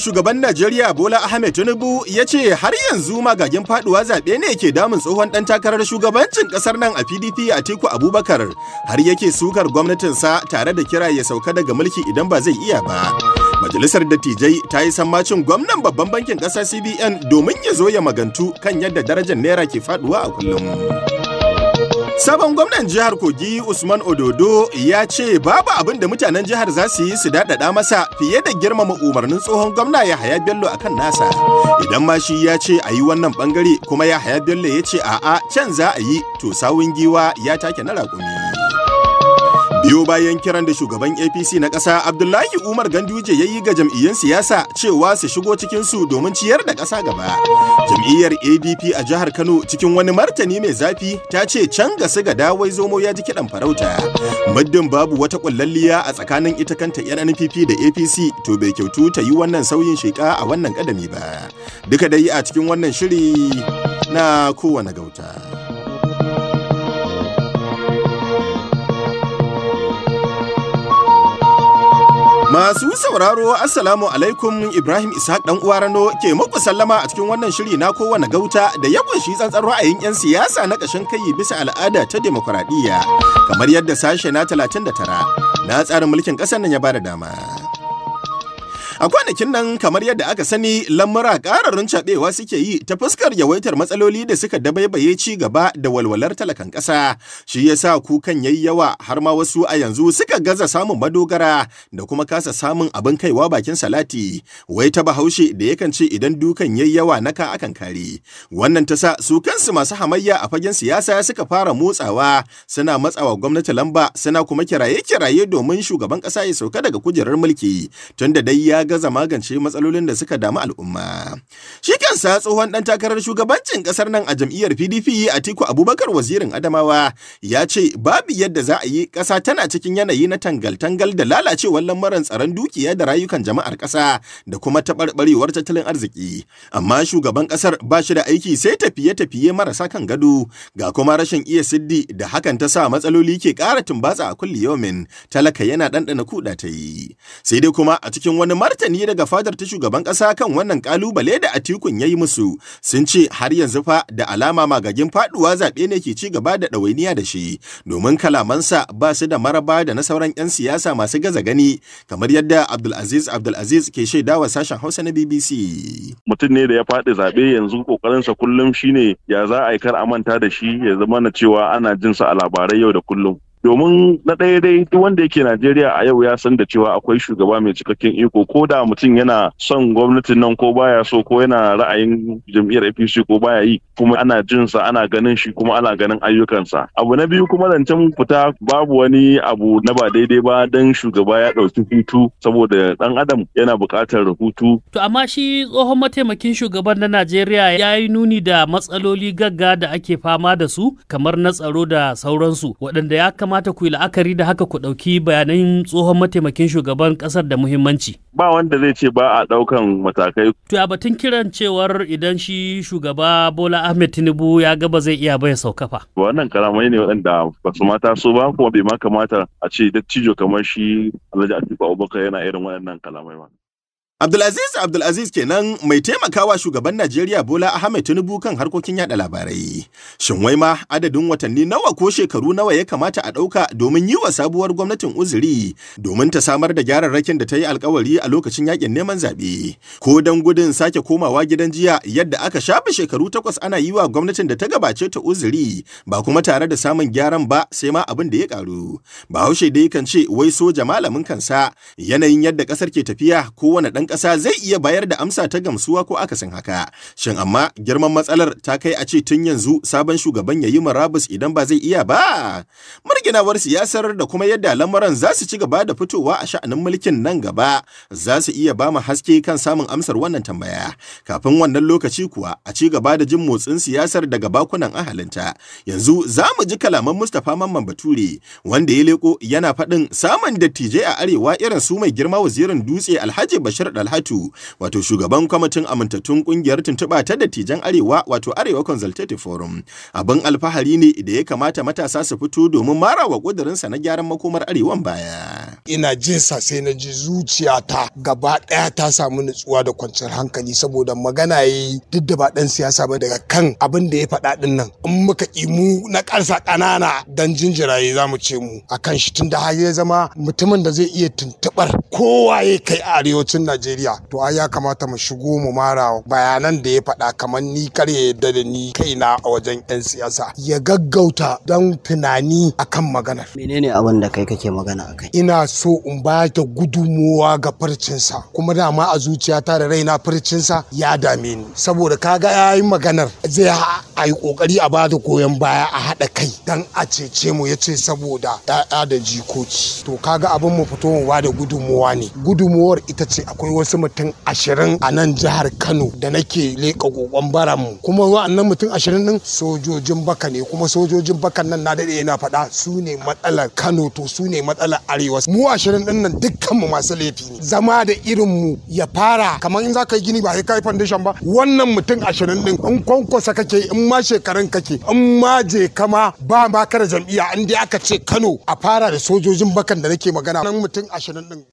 shugaban Najeriya Bola Ahmed Tinubu ya ce har yanzu magagin faduwa zaɓe ne ke damun tsohon ɗan takarar shugabancin ƙasar nan a PDP a tiku Abubakar har yake sukar gwamnatin sa tare da kira ya sauka daga mulki idan ba zai iya ba. Majalisar dattijai ta yi sammacin gwamnan babban bankin ƙasa CBN domin ya zo ya magantu kan yadda darajar naira ke faduwa a kullum. Sabon gwamnan jihar Kogi Usman Ododo ya ce babu abin da mutanen jihar za su yi su daɗaɗa masa fiye da girmama umarnin tsohon gwamna Yahaya Bello a kan nasa. Idan ma shi ya ce a yi wannan ɓangare kuma Yahaya Bello ya ce a'a can za a yi to sawun giwa ya take na raƙumi. biyo bayan kiran da shugaban apc na ƙasa abdullahi umar ganduje ya yi ga jam'iyyun siyasa cewa su shigo cikin su domin ciyar da ƙasa gaba jam'iyyar adp a jihar kano cikin wani martani mai zafi ta ce can ga su ga dawai zomo ya ji kiɗan farauta muddin babu wata ƙullalliya a tsakanin ita kanta yan npp da apc to bai kyautu ta yi wannan sauyin sheƙa a wannan ƙadami ba duka dai a cikin wannan shiri na kowane gauta. Masu sauraro Assalamu alaikum Ibrahim ishak ɗan uwa Rano ke muku sallama a cikin wannan shiri na kowane gauta da ya kunshi tsantsar ra'ayin 'yan siyasa na ƙashin kai bisa al'ada ta demokuraɗiyya kamar yadda sashe na 39 na tsarin mulkin ƙasar nan ya ba da dama. A kwanakin nan kamar yadda aka sani lamura ƙara caɓewa suke yi ta fuskar yawaitar matsaloli da suka dabaibaye ci gaba da walwalar talakan ƙasa. Shi ya sa kukan yayi yawa har ma wasu a yanzu suka gaza samun madogara da kuma kasa samun abin kaiwa bakin salati. Wai ta bahaushe da yakan ce idan dukan yayi yawa naka akan kare. Wannan ta sa su kansu masu hamayya a fagen siyasa suka fara motsawa suna matsawa gwamnati lamba suna kuma kiraye-kiraye domin shugaban ƙasa ya sauka daga kujerar mulki tunda dai ya gaza magance matsalolin da suka damu al'umma. Shi kansa tsohon ɗan takarar shugabancin ƙasar nan a jam'iyyar PDP Atiku Abubakar wazirin Adamawa ya ce babu yadda za a yi ƙasa tana cikin yanayi na tangal-tangal da lalacewar lamarin tsaron dukiya da rayukan jama'ar ƙasa da kuma taɓarɓarewar tattalin arziki. Amma shugaban ƙasar ba shi da aiki sai tafiye-tafiye marasa kan gado ga kuma rashin iya siddi da hakan ta sa matsaloli ke ƙara tumbatsa a kulli yomin talaka yana ɗanɗana kuɗa ta yi. Sai dai kuma a cikin wani martani martani daga fadar ta shugaban kasa kan wannan kalubale da Atikun ya yi musu sun ce har yanzu fa da alama magagin faduwa zaɓe ne ke ci gaba da ɗawainiya da shi domin kalamansa ba su da maraba da na sauran 'yan siyasa masu gaza gani kamar yadda Abdulaziz Abdulaziz ke shaidawa sashen Hausa na BBC. Mutum ne da ya faɗi zaɓe yanzu ƙoƙarinsa kullum shine ya za a yi kar a manta da shi ya zama na cewa ana jin jinsa a labarai yau da kullum. domin na ɗaya dai duk wanda yake Najeriya a yau ya san da cewa akwai shugaba mai cikakken iko ko da mutum yana son gwamnatin nan ko baya so ko yana ra'ayin jam'iyyar APC ko baya yi kuma ana jin sa ana ganin shi kuma ana ganin ayyukansa abu na biyu kuma zancen fita babu wani abu na ba daidai ba dan shugaba ya ɗauki hutu saboda ɗan adam yana buƙatar hutu to amma shi tsohon mataimakin shugaban na Najeriya ya yi nuni da matsaloli gagga da ake fama da su kamar na tsaro da sauransu waɗanda ya kama kamata ku yi la'akari da haka ku ɗauki bayanan tsohon mataimakin shugaban ƙasar da muhimmanci. Ba wanda zai ce ba a ɗaukan matakai. To a batun kiran cewar idan shi shugaba Bola Ahmed Tinubu ya gaba zai iya bai saukafa. Wannan kalamai ne waɗanda ba su mata so ba kuma bai ma kamata a ce dattijo kamar shi Alhaji Atiku Abubakar yana irin waɗannan kalamai ba. Abdulaziz Abdulaziz kenan mai taimakawa shugaban Najeriya Bola Ahmed Tinubu kan harkokin yada labarai. Shin wai ma adadin watanni nawa ko shekaru nawa ya kamata a ɗauka domin yi wa sabuwar gwamnatin uzuri domin ta samar da gyararrakin da ta yi alkawari a lokacin yakin neman zaɓe. Ko don gudun sake komawa gidan jiya yadda aka shafe shekaru takwas ana yi wa gwamnatin da ta gabace ta uzuri ba kuma tare da samun gyaran ba sai ma abin da ya ƙaru. Bahaushe dai kan ce wai soja malamin kansa yanayin yadda ƙasar ke tafiya kowane ɗan ƙasa zai iya bayar da amsa ta gamsuwa ko akasin haka. Shin amma girman matsalar ta kai a ce tun yanzu sabon shugaban ya yi marabus idan ba zai iya ba? Marginawar siyasar da kuma yadda lamuran za su ci gaba da fitowa a sha'anin mulkin nan gaba za su iya ba mu haske kan samun amsar wannan tambaya. Kafin wannan lokaci kuwa a ci gaba da jin motsin siyasar daga bakunan ahalinta. Yanzu za mu ji kalaman Mustapha Mamman Bature wanda ya leko yana faɗin samun dattijai a arewa irin su mai girma wazirin dutse Alhaji Bashir Dalhatu wato shugaban kwamitin amintattun kungiyar tuntuɓa ta dattijan Arewa wato Arewa Consultative Forum. Abin alfahari ne da ya kamata matasa su fito domin mara wa ƙudurinsa na gyaran makomar Arewan baya. Ina jin sa sai na ji zuciyata gaba ɗaya ta samu nutsuwa da kwanciyar hankali saboda magana yi duk da ba ɗan siyasa ba daga kan abin da ya faɗa ɗin nan. In muka imu na ƙarsa ƙanana dan jinjiraye za mu ce mu akan shi tun da har ya zama mutumin da zai iya tuntuɓar kowa ya kai a arewacin Najeriya. Najeriya to ai ya kamata mu shigo mu mara bayanan da ya faɗa kamar ni karye da ni kaina a wajen 'yan siyasa ya gaggauta don tunani akan maganar. Menene abin da kai kake magana akai? Ina so in ba ta ga farcinsa kuma dama a zuciya ta da raina farcinsa ya dame ni saboda kaga yayin maganar zai a yi kokari a bada da goyon baya a haɗa kai Dan a cece mu ya ce saboda ɗaya da jikoki to kaga abin mu fito mu ba da ne gudunmowar ita ce akwai wasu mutum ashirin a nan jihar kano da nake leƙa kokon baranmu kuma wa'annan mutum ashirin din sojojin baka ne kuma sojojin bakan nan na daɗe yana faɗa su ne matsalar kano to su ne matsalar arewa mu ashirin din nan dukkanmu masu laifi ne zama da irin mu ya fara kamar in za ka yi gini ba sai ka yi foundation ba wannan mutum ashirin din in kwankwasa kake in ma shekarun kake in ma je kama ba ma kara jam'iyya in dai aka ce kano a fara da sojojin bakan da nake magana nan mutum ashirin din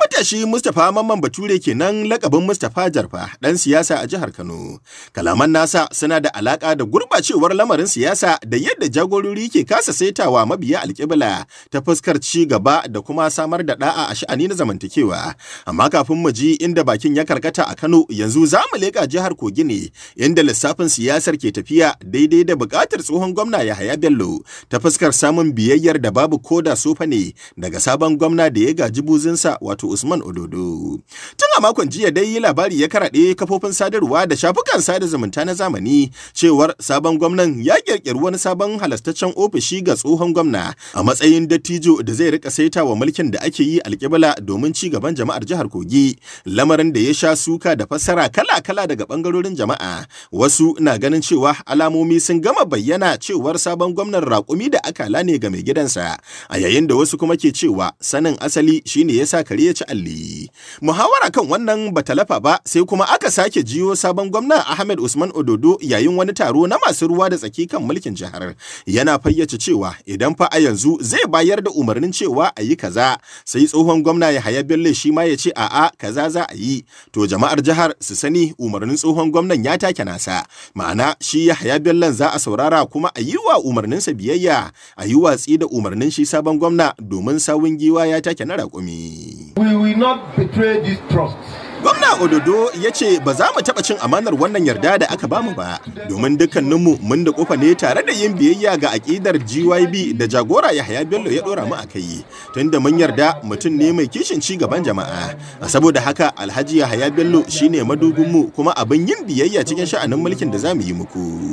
Matashi Mustapha Mamman Bature kenan lakabin Mustapha Jarfa ɗan siyasa a jihar Kano. Kalaman nasa suna da alaƙa da gurɓacewar lamarin siyasa da yadda jagorori ke kasa saitawa mabiya alƙibla ta fuskar ci gaba da kuma samar da ɗa'a a sha'ani na zamantakewa. Amma kafin mu ji inda bakin ya karkata a Kano yanzu za mu leƙa jihar Kogi ne inda lissafin siyasar ke tafiya daidai da buƙatar tsohon gwamna Yahaya Bello ta fuskar samun biyayyar da babu koda sofa ne daga sabon gwamna da ya gaji buzinsa wato wato Usman Ododo. Tun a makon jiya dai yi labari ya karaɗe kafofin sadarwa da shafukan sada zumunta na zamani cewar sabon gwamnan ya ƙirƙiri wani sabon halastaccen ofishi ga tsohon gwamna a matsayin dattijo da zai rika saita wa mulkin da ake yi alƙibla domin ci gaban jama'ar jihar Kogi. Lamarin da ya sha suka da fassara kala-kala daga bangarorin jama'a. Wasu na ganin cewa alamomi sun gama bayyana cewar sabon gwamnan raƙumi da akala ne ga mai gidansa. A yayin da wasu kuma ke cewa sanin asali shine yasa kare ya ci alli. Muhawara kan wannan ba lafa ba sai kuma aka sake jiyo sabon gwamna Ahmed Usman Ododo yayin wani taro na masu ruwa da tsaki kan mulkin jihar. Yana fayyace cewa idan fa a yanzu zai bayar da umarnin cewa a yi kaza sai tsohon gwamna ya haya Bello shi ma ya ce a'a kaza za a yi. To jama'ar jihar su sani umarnin tsohon gwamnan ya take nasa. Ma'ana shi ya haya Bello za a saurara kuma a yi wa umarninsa biyayya a yi watsi da umarnin shi sabon gwamna domin sawun giwa ya take na raƙumi. we will not betray this trust. Gwamna Ododo ya ce ba za mu taɓa cin amanar wannan yarda da aka bamu ba, domin dukkaninmu mun da kofa ne tare da yin biyayya ga aƙidar GYB da jagora Yahaya Bello ya ɗora mu a kai, tunda mun yarda mutum ne mai kishin ci gaban jama'a. a Saboda haka Alhaji Yahaya Bello shi ne madubinmu kuma abin yin biyayya cikin sha'anin mulkin da za mu yi muku.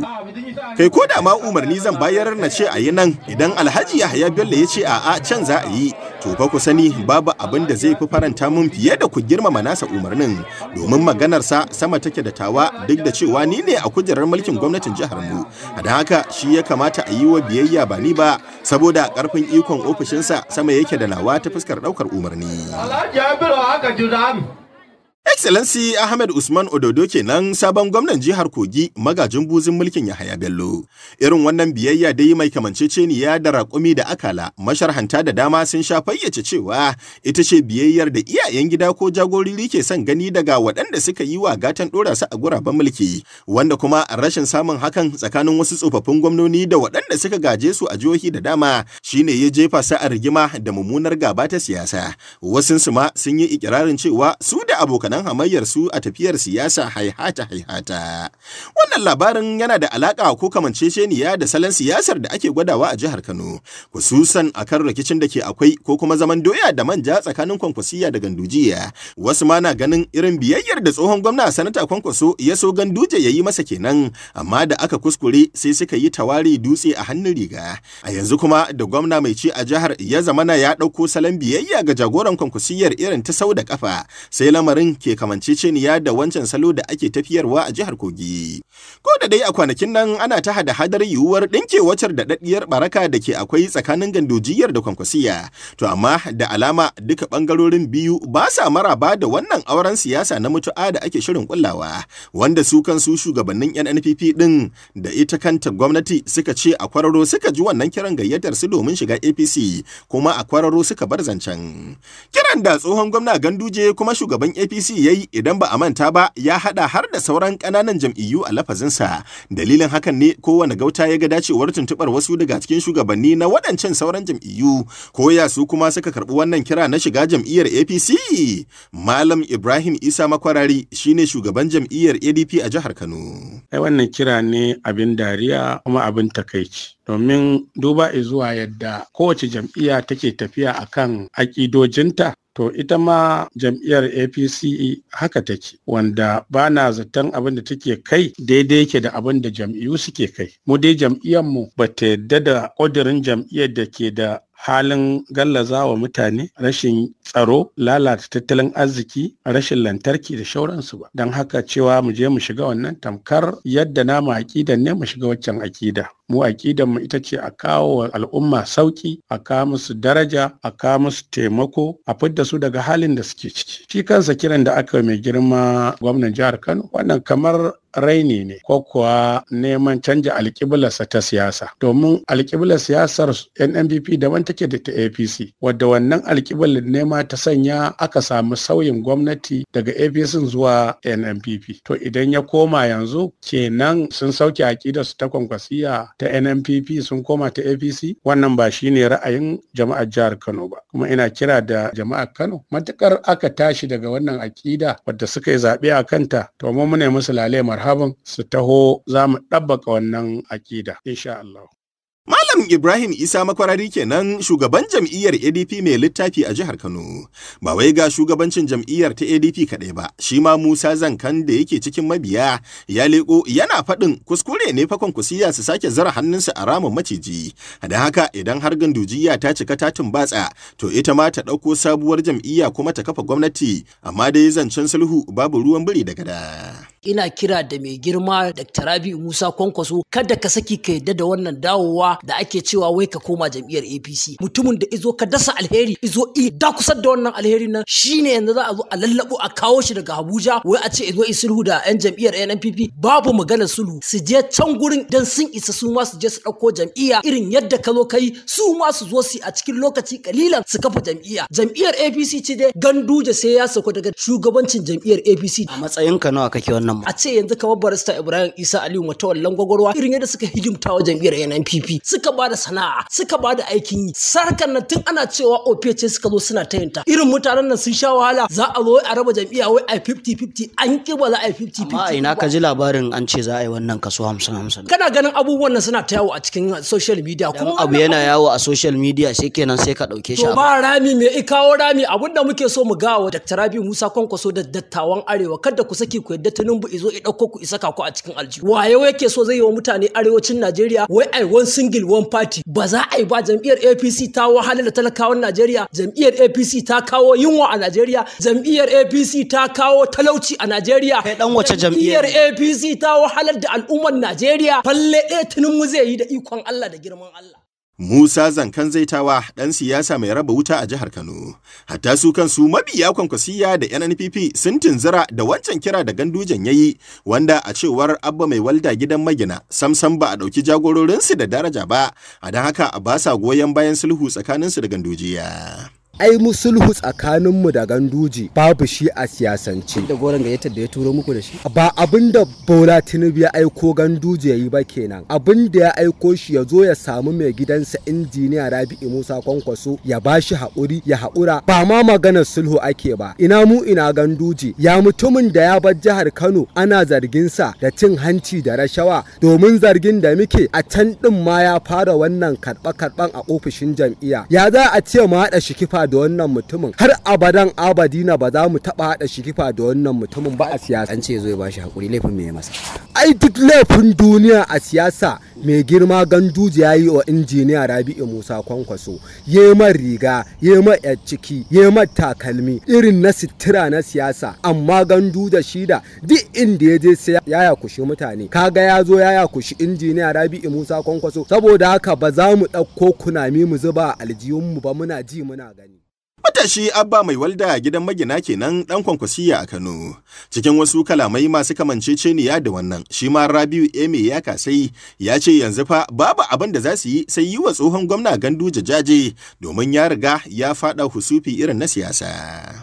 Kai ko da ma umarni zan bayar na ce a yi nan idan Alhaji Yahaya Bello ya ce a'a can za a yi, to fa ku sani babu abin da zai fi faranta mun fiye da ku girmama nasa umarni. birnin domin sa sama take da tawa duk da cewa ni ne a kujerar mulkin gwamnatin jihar mu da haka shi ya kamata a yi wa biyayya ba ni ba saboda karfin ikon ofishinsa sama yake da nawa ta fuskar daukar umarni. Alhaji Abiru haka Excellency Ahmed Usman Ododo kenan sabon gwamnan jihar Kogi magajin buzin mulkin Yahaya Bello. Irin wannan biyayya dai mai kamanceceniya da raƙumi da akala masharhanta da dama sun sha fayyace cewa ita ce biyayyar da iyayen gida ko jagorori ke son gani daga waɗanda suka yi wa gatan ɗora su a guraben mulki wanda kuma rashin samun hakan tsakanin wasu tsofaffin gwamnoni da waɗanda suka gaje su a jihohi da dama shine ya jefa su a rigima da mummunar gaba ta siyasa. Wasunsu ma sun yi ikirarin cewa su da abokanan abokan hamayyar su a tafiyar siyasa haihata haihata. Wannan labarin yana da alaƙa ko kamanceceniya da salon siyasar da ake gwadawa a jihar Kano, kususan akan rikicin da ke akwai ko kuma zaman doya da manja tsakanin kwankwasiya da gandujiya. Wasu ma na ganin irin biyayyar da tsohon gwamna sanata kwankwaso ya so ganduje ya yi masa kenan, amma da aka kuskure sai suka yi tawari dutse a hannun riga. A yanzu kuma da gwamna mai ci a jihar ya zamana ya ɗauko salon biyayya ga jagoran kwankwasiyar irin ta sau da kafa, sai lamarin ke kamanceceniya da wancan salo da ake tafiyarwa a jihar Kogi. Ko da dai a kwanakin nan ana ta hada hadar yiwuwar ɗinke wacar da daɗiyar baraka da ke akwai tsakanin gandojiyar da kwankwasiya. To amma da alama duka ɓangarorin biyu ba sa maraba da wannan auren siyasa na mutu'a da ake shirin kullawa wanda su kansu shugabannin NNPP ɗin da ita kanta gwamnati suka ce a kwararo suka ji wannan kiran gayyatar su domin shiga APC kuma a kwararo suka bar zancen. Kiran da tsohon gwamna Ganduje kuma shugaban APC ya yi idan ba a manta ba ya haɗa har da sauran kananan jam'iyyu a lafazinsa. Dalilin hakan ne kowane gauta ya ga dacewar tuntubar wasu daga cikin shugabanni na waɗancan sauran jam'iyyu ko ya su kuma suka karɓi wannan kira na shiga jam'iyyar APC. Malam Ibrahim Isa Makwarari shine shugaban jam'iyyar ADP a jihar Kano. Wannan kira ne abin dariya kuma abin takaici. domin duba zuwa yadda kowace jam'iyya take tafiya akan aƙidojinta To ita ma jam'iyyar APC haka take wanda ba na zaton abin da take kai daidai yake da abin da jam'iyyu suke kai. Mu dai jam'iyyar mu ba ta yadda da ƙudurin jam'iyyar da ke da halin gallaza wa mutane rashin tsaro lalata tattalin arziki rashin lantarki da shauransu ba don haka cewa mu je mu shiga wannan tamkar yadda namu aƙidan ne mu shiga waccan aƙida mu aƙidan mu ita ce a kawo wa al'umma sauki a kawo musu daraja a kawo musu taimako a fidda su daga halin da suke ciki shi kansa kiran da aka mai girma gwamnan jihar kano wannan kamar raini ne ko kuwa neman canja alƙiblarsa ta siyasa domin alƙiblar siyasar NNPP daban take da ta APC wadda wannan alƙiblar nema ta sanya aka samu sauyin gwamnati daga APC zuwa NNPP to idan ya koma yanzu kenan sun sauke aƙidar su ta kwankwasiya ta NNPP sun koma ta APC wannan ba shine ra'ayin jama'ar jihar Kano ba kuma ina kira da jama'ar Kano matukar aka tashi daga wannan aƙida wadda suka yi zaɓe a kanta to mu ne musu lalemar marhaban su taho za mu ɗabbaka wannan aƙida insha Allah. Malam Ibrahim Isa makwarari kenan shugaban jam'iyyar ADP mai littafi a jihar Kano. Ba wai ga shugabancin jam'iyyar ta ADP kaɗai ba, shi ma Musa Zankan da yake cikin mabiya ya leko yana faɗin kuskure ne fakon kusiya su sake zara hannunsu a ramin maciji. Da haka idan har gandujiya ta cika ta tumbatsa, to ita ma ta ɗauko sabuwar jam'iyya kuma ta kafa gwamnati, amma dai zancen sulhu babu ruwan biri da gada. ina kira da mai girma dr. Rabi'u Musa Kwankwaso kada ka saki ka yadda da wannan dawowa da ake cewa wai ka koma jam'iyyar APC mutumin da izo ka dasa alheri izo i da kusar da wannan alherin nan shine yanzu za a zo a lallabo a kawo shi daga Abuja wai a ce izo sulhu da yan jam'iyyar NNPP babu maganar sulhu su je can gurin dan sun isa su ma su je su dauko jam'iyya irin yadda ka zo kai su ma su zo su a cikin lokaci kalilan su kafa jam'iyya jam'iyyar APC ce dai ganduje sai ya sauka daga shugabancin jam'iyyar APC a matsayin ka nawa kake wannan a ce yanzu kamar barista Ibrahim Isa Aliyu Matawallan gwagwarwa irin yadda suka hidimta wa jam'iyyar NNPP suka ba da sana'a suka ba da aikin yi sarkar nan tun ana cewa opc suka zo suna ta yinta irin mutanen nan sun sha wahala za a zo a raba jam'iyya wai a 50-50 an ki ba za a 50-50 amma ina ka ji labarin an ce za a yi wannan kaso 50-50 kana ganin abubuwan nan suna ta yawo a cikin social media kuma abu yana yawo a social media sai kenan sai ka dauke shi to ba rami me i kawo rami da muke so mu gawa Dr. Rabi Musa Kwankwaso da dattawan Arewa kada ku saki ku yadda Tinubu izo i dauko ku isaka ku a cikin aljihu waye yake so zai yi wa mutane arewacin Najeriya wai ai one single babban party ba za a yi ba jam'iyyar apc ta wahalar talakawan najeriya jam'iyyar apc ta kawo yunwa a najeriya jam'iyyar apc ta kawo talauci a najeriya kai dan wace jam'iyyar apc ta wahalar da al'ummar najeriya falle ɗaya tunin mu zai yi da ikon allah da girman allah Musa Zankan Zaitawa ɗan siyasa mai raba wuta a jihar Kano. Hatta su kansu mabiya kwankwasiya da NNPP sun tunzura da wancan kira da gandujan ya yi wanda a cewar abba mai walda gidan magina samsam ba a ɗauki jagororinsu da daraja ba, a don haka ba sa goyon bayan sulhu tsakaninsu da gandujiya. ai mu sulhu mu da ganduji babu shi a siyasance da goron da ya turo muku da shi ba abin da bola tinubu ya aiko ganduji ya yi ba kenan abin da ya aiko shi ya zo ya samu mai gidansa injiniya rabi'u musa kwankwaso ya ba shi haƙuri ya haƙura ba ma maganar sulhu ake ba ina mu ina ganduji ya mutumin da ya bar jihar kano ana zargin sa da cin hanci da rashawa domin zargin da muke a can din ma ya fara wannan karɓe-karɓen a ofishin jam'iyya ya za a ce mu haɗa shi kifa da wannan mutumin har abadan abadina ba za mu taba hada shikifa da wannan mutumin ba a siyasa an ce zo ya bashi hakuri laifin me masa ai duk laifin duniya a siyasa mai girma ganduji ya yi wa injiniya rabi'u musa kwankwaso man riga man yar ciki man takalmi irin na sitira na siyasa amma gandu da shida duk inda ya je sai ya yakushi mutane kaga ya zo ya yakushi injiniya rabi'u musa kwankwaso saboda haka ba za mu ɗauko kunami mu zuba aljihunmu ba muna ji muna gani Matashi Abba mai walda gidan magina kenan dan kwankwasiya a Kano. Cikin wasu kalamai masu kamanceceniya da wannan, shi ma Rabiu Eme ya kasai ya ce yanzu fa babu abin da za su yi sai yi wa tsohon gwamna gandu jajaje domin ya riga ya fada husufi irin na siyasa.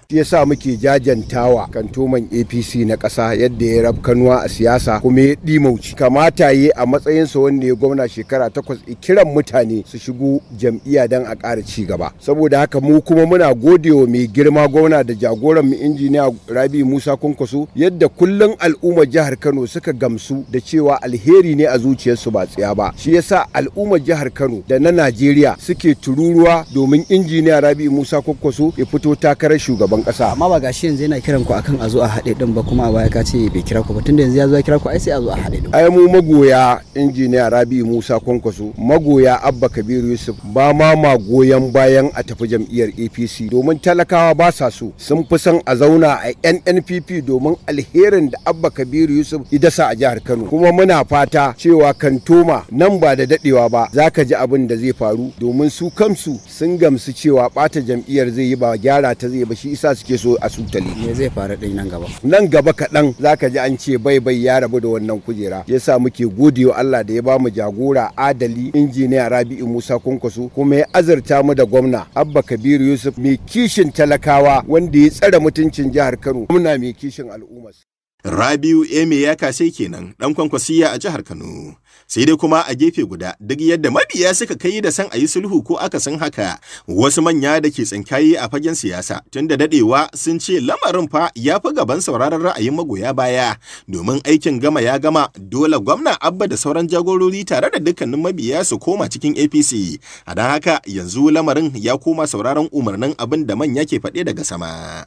Ya sa muke jajantawa kantoman APC na ƙasa yadda ya rabkanuwa a siyasa kuma ya ɗimauci. Kamata yi a matsayin sa wanda ya gwamna shekara takwas kiran mutane su shigo jam'iyya dan a ƙara ci gaba. Saboda haka mu kuma muna gode wa mai girma gwamna da jagoran mu injiniya Rabi Musa Kwankwaso yadda kullum al'ummar jihar Kano suka gamsu da cewa alheri ne a zuciyarsu ba tsaya ba. Shi yasa al'ummar jihar Kano da na Najeriya suke tururuwa domin injiniya Rabi Musa Kwankwaso ya fito takarar shugaban kasa. Amma ba gashi yanzu yana kiran ku akan a zo a haɗe din ba kuma a baya ka ce bai kira ku ba tunda yanzu ya zo ya kira ku ai sai a zo a haɗe din. Ai mu magoya injiniya Rabi Musa Kwankwaso magoya Abba Kabiru Yusuf ba ma ma bayan a tafi jam'iyyar APC domin talakawa ba sa so sun fi son a zauna a NNPP domin alherin da Abba Kabiru Yusuf ya dasa a jihar Kano kuma muna fata cewa kantoma nan ba da dadewa ba za ka ji abin da zai faru domin su kansu sun gamsu cewa bata jam'iyyar zai yi ba gyara ta zai ba shi isa suke so a sutale me zai faru din nan gaba nan gaba kaɗan za ka ji an ce bai bai ya rabu da wannan kujera yasa muke gode wa Allah da ya ba mu jagora adali injiniya Rabi'u Musa Kunkusu kuma ya azurta mu da gwamna Abba Kabiru Yusuf mai kishin talakawa wanda ya tsare mutuncin jihar Kano muna mai kishin al'umma Rabiu Eme ya kase kenan dan kwankwasiya a jihar Kano sai dai kuma a gefe guda duk yadda mabiya suka kai da san a yi sulhu ko aka san haka wasu manya da ke tsinkaye a fagen siyasa tun da dadewa sun ce lamarin fa ya fi gaban sauraron ra'ayin magoya baya domin aikin gama ya gama dole gwamna abba da sauran jagorori tare da dukkanin mabiya su koma cikin apc a don haka yanzu lamarin ya koma sauraron umarnin abin da manya ke faɗe daga sama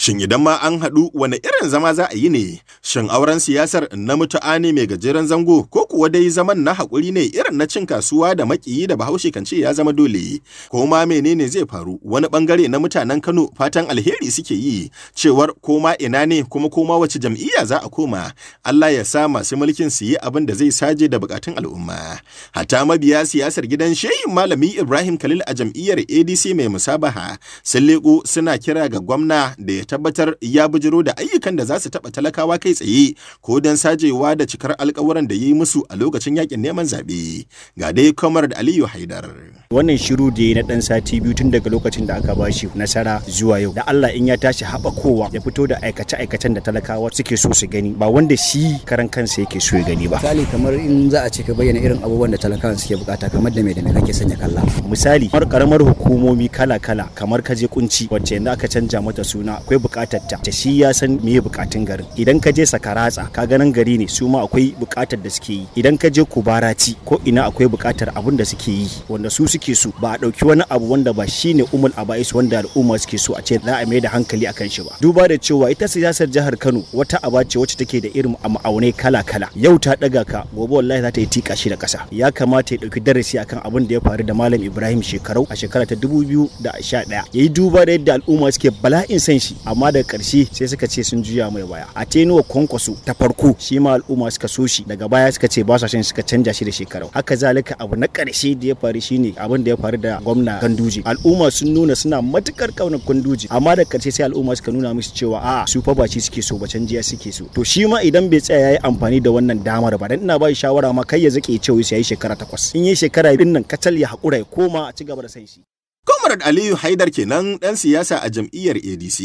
shin idan ma an haɗu wani irin zama za a yi ne shin auren siyasar na mutu'a ne mai gajeren zango ko kuwa dai zaman na haƙuri ne irin na cin kasuwa da makiyi da bahaushe kan ce ya zama dole ko menene zai faru wani bangare na mutanen kano fatan alheri suke yi cewar koma ina ne kuma koma wace jam'iyya za a koma allah ya sa masu mulkin su yi abin da zai saje da bukatun al'umma hatta mabiya siyasar gidan shehin malami ibrahim khalil a jam'iyyar adc mai musabaha sun leƙo suna kira ga gwamna da ya tabbatar ya bujiro da ayyukan da za su taɓa talakawa kai tsaye ko don sajewa da cikar alkawuran da ya yi musu a lokacin lokacin yakin neman zaɓe ga dai kamar da aliyu haidar wannan shiru da ya na dan sati biyu tun daga lokacin da aka bashi nasara zuwa yau da allah in ya tashi kowa ya fito da aikace aikacen da talakawa suke so su gani ba wanda shi karan kansa yake so ya gani ba misali kamar in za a ce ka bayyana irin abubuwan da talakawa suke bukata kamar da me da me kake sanya kalla misali kamar karamar hukumomi kala kala kamar ka je kunci wacce yanzu aka canja mata suna akwai bukatar ta ta shi ya san me bukatun garin idan ka je sakaratsa ka ganin gari ne su ma akwai bukatar da suke yi idan ka je je barati ko ina akwai buƙatar abin da suke yi wanda su suke so ba a ɗauki wani abu wanda ba shine umul aba'is wanda al'umma suke so a ce za a mai da hankali akan shi ba duba da cewa ita siyasar jihar Kano wata aba ce wacce take da irin ma'aunai kala-kala yau ta daga ka gobe wallahi za ta yi tika shi da ƙasa ya kamata ya ɗauki darasi akan abin da ya faru da malam Ibrahim shekarau a shekara ta dubu biyu da 2011 ya yi duba da yadda al'umma suke bala'in san shi amma daga ƙarshe sai suka ce sun juya mai baya a tenuwa kwankwaso ta farko shi ma al'umma suka so shi daga baya suka ce ba sa son suka canja shi da shekarau haka zalika abu na karshe da ya faru shine abin da ya faru da gwamna ganduji al'umma sun nuna suna matukar kaunar ganduji amma da karshe sai al'umma suka nuna musu cewa a su fa ba shi suke so ba canjiya suke so to shi ma idan bai tsaya yayi amfani da wannan damar ba dan ina ba shawara ma kai ya zake cewa sai yayi shekara takwas in yayi shekara din nan kacal ya hakura ya koma a ci gaba da sai shi Comrade Aliyu Haidar kenan ɗan siyasa a jam'iyyar ADC.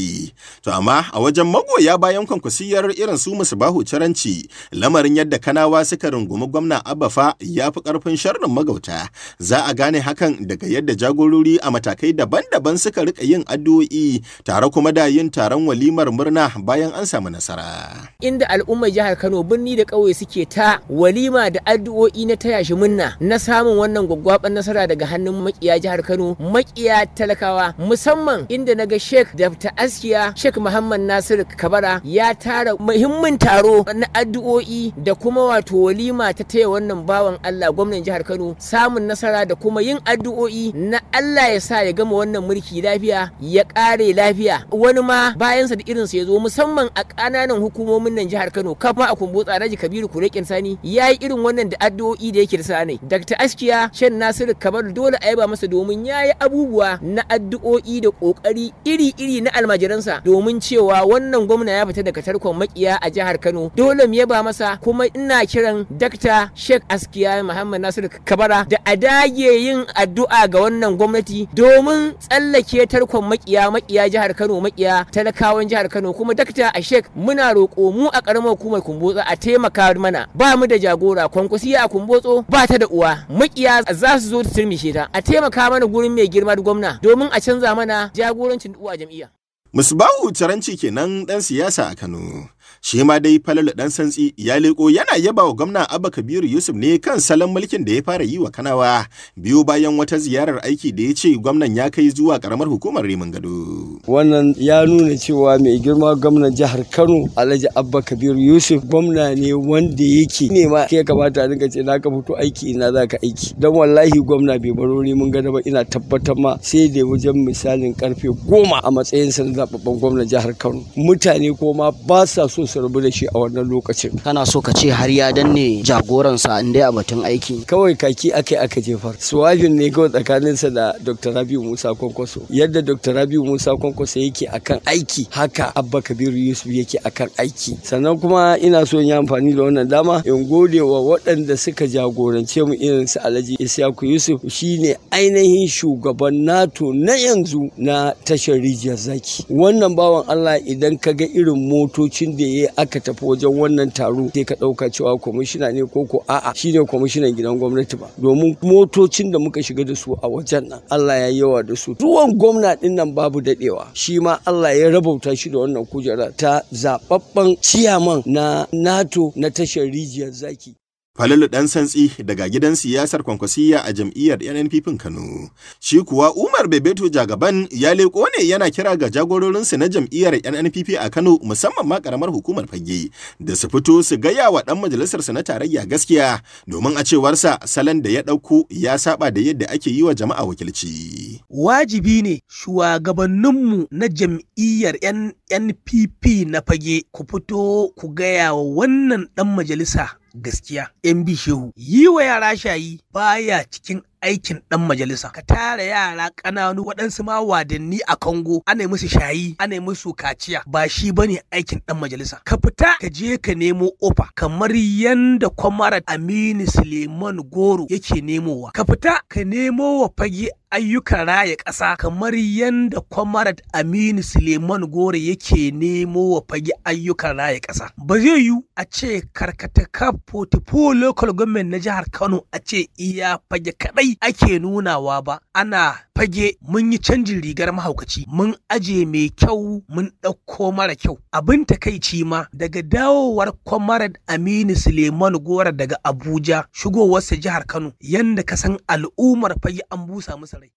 To amma a wajen magoya bayan kwankwasiyar irin su bahu Caranci, lamarin yadda Kanawa suka rungumi gwamna Abafa ya fi ƙarfin sharrin magauta. Za a gane hakan daga yadda jagorori a matakai daban-daban suka rika yin addu'o'i tare kuma da yin taron walimar murna bayan an samu nasara. Inda al'ummar jihar Kano birni da ƙauye suke ta walima da addu'o'i na taya shi murna na samun wannan gwaggwaɓar nasara daga hannun makiya jihar Kano maki makiya talakawa musamman inda naga Sheikh Dr. Askiya Sheikh Muhammad Nasir Kabara ya tara muhimmin taro na addu'o'i da kuma wato walima ta taya wannan bawan Allah gwamnan jihar Kano samun nasara da kuma yin addu'o'i na Allah ya sa ya gama wannan mulki lafiya ya kare lafiya wani ma bayansa da irinsa ya zo musamman a ƙananan hukumomin nan jihar Kano kafa a kumbotsa Alhaji Kabiru Kurekin Sani ya yi irin wannan da addu'o'i da yake da sa ne Dr. Askiya shan Nasiru Kabar dole a yaba masa domin ya yi abu abubuwa na addu'o'i da kokari iri-iri na almajiransa domin cewa wannan gwamna ya fita daga tarkon makiya a jihar Kano dole mu yaba masa kuma ina kiran Dr. Sheikh Askiya Muhammad Nasir Kabara da a dage yin addu'a ga wannan gwamnati domin tsallake tarkon makiya makiya jihar Kano makiya talakawan jihar Kano kuma Dr. Sheikh muna roko mu a karamar hukumar Kumbotso a taimaka mana ba mu da jagora kwankwasiya a Kumbotso ba ta da uwa makiya za su zo su turmishe ta a taimaka mana gurin mai girma girma gwamna domin a canza mana jagorancin uwa jam'iyya. Musbahu Taranci kenan ɗan siyasa a Kano. Shi ma dai falalu ɗan santsi ya leko yana yaba wa gwamna Abba Kabiru Yusuf ne kan salon mulkin da ya fara yi wa Kanawa biyu bayan wata ziyarar aiki da ya ce gwamnan ya kai zuwa karamar hukumar Rimin Gado. Wannan ya nuna cewa mai girma gwamnan jihar Kano Alhaji Abba Kabiru Yusuf gwamna ne wanda yake ne ma ya kamata a dinga ce na ka fito aiki ina za ka aiki. Don wallahi gwamna bai baro Rimin Gado ba ina tabbatar ma sai da wajen misalin karfe goma a matsayin sanin zababban gwamnan jihar Kano. Mutane ko ma ba sa so su rubu da shi a wannan lokacin kana so ka ce har ya danne jagoransa in dai a batun aiki kawai kaki aka aka jefar suwajin ne kawai tsakaninsa da dr rabiu musa kwankwaso yadda dr rabiu musa kwankwaso yake akan aiki haka abba kabiru yusuf yake akan aiki sannan kuma ina so in yi amfani da wannan dama in gode wa waɗanda suka jagorance mu irin su alhaji isyaku yusuf shine ainihin shugaban nato na yanzu na tashar rijiyar zaki wannan bawan allah idan ka ga irin motocin da ya aka tafi wajen wannan taro sai ka ɗauka cewa kwamishina ne ko ko a'a shine kwamishinan gidan gwamnati ba domin motocin da muka shiga da su a wajen nan Allah ya yawa da su ruwan gwamna din nan babu dadewa shi ma Allah ya rabauta shi da wannan kujera ta zababben ciyaman na NATO na tashar rijiyar zaki Falalu ɗan santsi daga gidan siyasar Kwankwasiya a jam'iyyar NNPP Kano. Shi kuwa Umar Bebeto Jagaban ya leko ne yana kira ga jagororinsa na jam'iyyar NNPP a Kano musamman ma karamar hukumar fage da su fito su gaya wa ɗan majalisarsa na tarayya gaskiya domin a cewarsa salon da ya ɗauko ya saba da yadda ake yi wa jama'a wakilci. Wajibi ne shugabanninmu na jam'iyyar NNPP na fage ku fito ku gaya wa wannan ɗan majalisa gaskiya bi shehu yi wa yara shayi baya cikin aikin ɗan majalisa ka tara yara ƙananu waɗansu ma wadanni a Kongo ana musu shayi ana musu kaciya ba shi ba ne aikin ɗan majalisa ka fita ka je ka nemo ofa kamar yadda kwamara Aminu Suleiman Goro yake nemowa ka fita ka nemo wa fage ayyukan raya ƙasa kamar yadda kwamarat aminu suleiman Goro yake nemo wa fage ayyukan raya ƙasa ba zai yiwu a ce karkata kafo 44 local government na jihar kano a ce iya fage kaɗai ake nunawa ba ana fage mun yi canjin rigar mahaukaci mun aje mai kyau mun ɗauko mara kyau abin takaici ma daga dawowar comrade aminu suleiman gora daga abuja shigowarsa jihar kano yadda ka san al'ummar fage an busa musa rai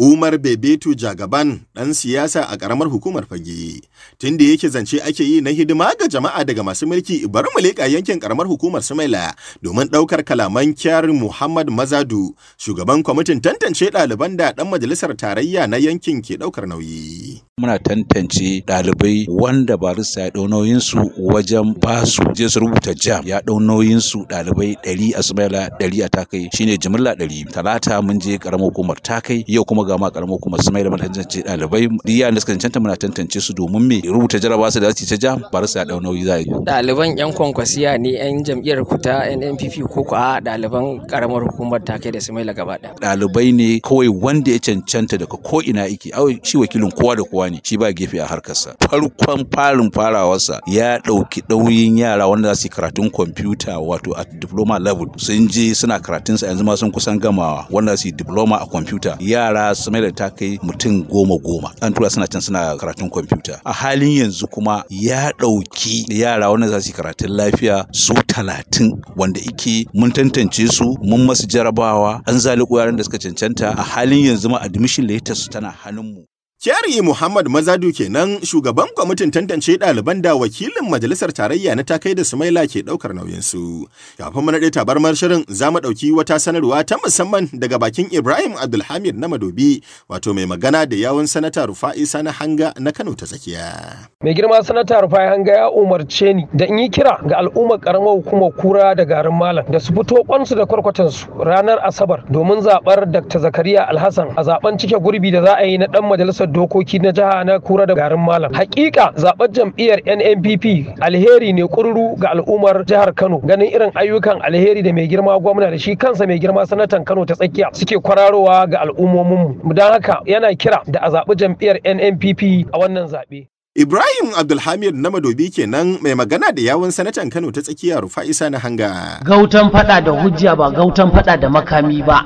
Umar Bebeto Jagaban ɗan siyasa a ƙaramar hukumar fage. Tun da yake zance ake yi na hidima ga jama'a daga masu mulki bari mu leƙa yankin ƙaramar hukumar Sumaila domin ɗaukar kalaman kyar Muhammad Mazadu, shugaban kwamitin tantance ɗaliban da ɗan majalisar tarayya na yankin ke ɗaukar nauyi. Muna tantance ɗalibai wanda barista ya ɗau nauyinsu wajen ba su je su rubuta jam ya ɗau nauyinsu ɗalibai ɗari a Sumaila ɗari a takai shine jimilla ɗari. Talata mun je ƙaramar hukumar takai yau kuma buga ma karamar hukumar su mai da tantance ɗalibai diya da suka cancanta muna tantance su domin me rubuta jaraba su da su ta ja ba su ɗau nauyi za yi. Ɗaliban 'yan kwankwasiya ne 'yan jam'iyyar ku ta NNPP ko ku a ɗaliban karamar hukumar kai da su mai gaba ɗaya. Ɗalibai ne kawai wanda ya cancanta daga ko ina yake awai shi wakilin kowa da kowa ne shi ba gefe a harkarsa. Farkon farin farawarsa ya ɗauki ɗauyin yara wanda za su yi karatun kwamfuta wato a diploma level sun je suna karatunsa yanzu ma sun kusan gamawa wanda su yi diploma a kwamfuta yara su da ta kai mutum goma goma an tura suna can suna karatun kwamfuta a halin yanzu kuma ya ɗauki yara wanda za su yi karatun lafiya su talatin wanda ike mun tantance su mun masu jarabawa an zaliku yaran da suka cancanta a halin yanzu ma admission latest tana mu. Kyari Muhammad Mazadu kenan shugaban kwamitin tantance ɗaliban da wakilin majalisar tarayya na takai da Sumaila ke ɗaukar nauyinsu. Kafin mu naɗe tabarmar shirin za mu ɗauki wata sanarwa ta musamman daga bakin Ibrahim Abdulhamid na Madobi wato mai magana da yawun sanata Rufa'i Sani Hanga na Kano ta tsakiya. Mai girma sanata Rufa'i Hanga ya umarce ni da in yi kira ga al'ummar karamar hukumar kura da garin malam da su fito kwansu da kwarkwatansu ranar Asabar domin zaɓar Dr. Zakariya Alhassan a zaɓen cike gurbi da za a yi na ɗan majalisar dokoki na jiha na kura da garin malam hakika zaɓar jam'iyyar nnpp alheri ne kururu ga al'ummar jihar kano ganin irin ayyukan alheri da mai girma gwamna da shi kansa mai girma sanatan kano ta tsakiya suke kwararowa ga al'ummomin mu don haka yana kira da a zaɓi jam'iyyar nnpp a wannan zaɓe Ibrahim Abdulhamid na madobi kenan mai magana da yawun sanatan Kano ta tsakiya Rufa'isa na hanga. Gautan fada da hujja ba gautan fada da makami ba.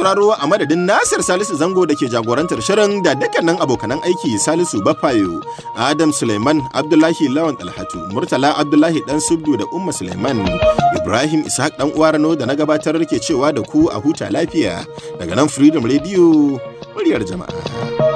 sauraro a madadin Nasir Salisu Zango da ke jagorantar shirin da dukkanin abokanan aiki Salisu Bafayo, Adam Suleiman, Abdullahi Lawan Alhatu, Murtala Abdullahi Dan Subdu da Umma Suleiman, Ibrahim Ishaq Dan Uwarano da na gabatar ke cewa da ku a huta lafiya daga nan Freedom Radio, muryar jama'a.